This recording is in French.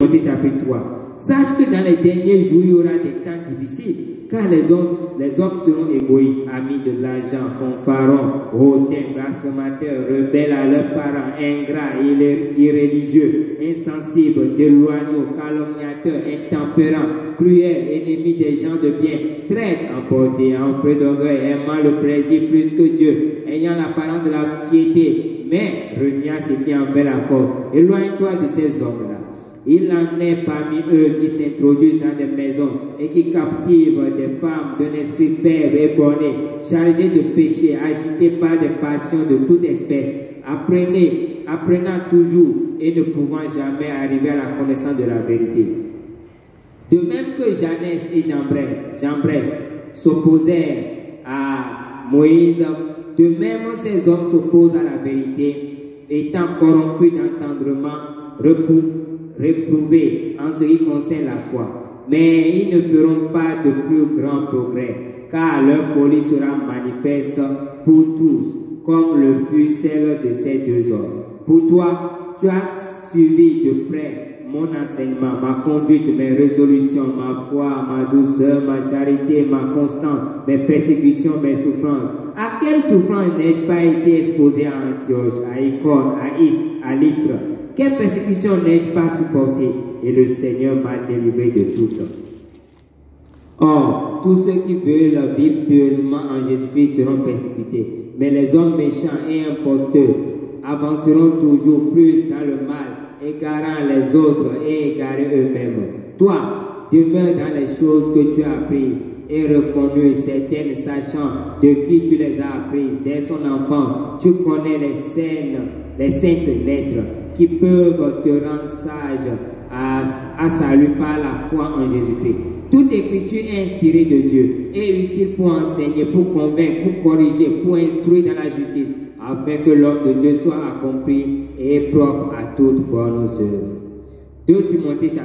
chapitre 3. Sache que dans les derniers jours, il y aura des temps difficiles, car les hommes, seront égoïstes, amis de l'argent, fanfarons, hautains, blasphémateurs, rebelles à leurs parents, ingrats, irréligieux, insensibles, déloignés, calomniateurs, intempérants, cruels, ennemis des gens de bien, traîtres, emportés, frais d'orgueil, aimant le plaisir plus que Dieu, ayant l'apparence de la piété, mais reniant ce qui en fait la force. Éloigne-toi de ces hommes-là il en est parmi eux qui s'introduisent dans des maisons et qui captivent des femmes d'un esprit faible et borné, chargées de péchés, agitées par des passions de toute espèce. Apprenez, apprenant toujours et ne pouvant jamais arriver à la connaissance de la vérité. De même que Jeannès et Jambres s'opposèrent à Moïse, de même ces hommes s'opposent à la vérité, étant corrompus d'entendrement, repoussés réprouvés en ce qui concerne la foi. Mais ils ne feront pas de plus grands progrès, car leur folie sera manifeste pour tous, comme le fut celle de ces deux hommes. Pour toi, tu as suivi de près mon enseignement, ma conduite, mes résolutions, ma foi, ma douceur, ma charité, ma constance, mes persécutions, mes souffrances. À quelles souffrances n'ai-je pas été exposé à Antioche, à Icône, à Ist, à Lystre Quelle persécution n'ai-je pas supportées ?» Et le Seigneur m'a délivré de toutes. Or, tous ceux qui veulent vivre pieusement en Jésus-Christ seront persécutés. Mais les hommes méchants et imposteurs avanceront toujours plus dans le mal égarant les autres et égarant eux-mêmes. Toi, demeure dans les choses que tu as apprises et reconnues, certaines sachant de qui tu les as apprises dès son enfance. Tu connais les scènes, les saintes lettres qui peuvent te rendre sage à, à salut par la foi en Jésus-Christ. Toute écriture inspirée de Dieu est utile pour enseigner, pour convaincre, pour corriger, pour instruire dans la justice afin que l'homme de Dieu soit accompli et propre à toute bonne œuvre. 2 Timothée chapitre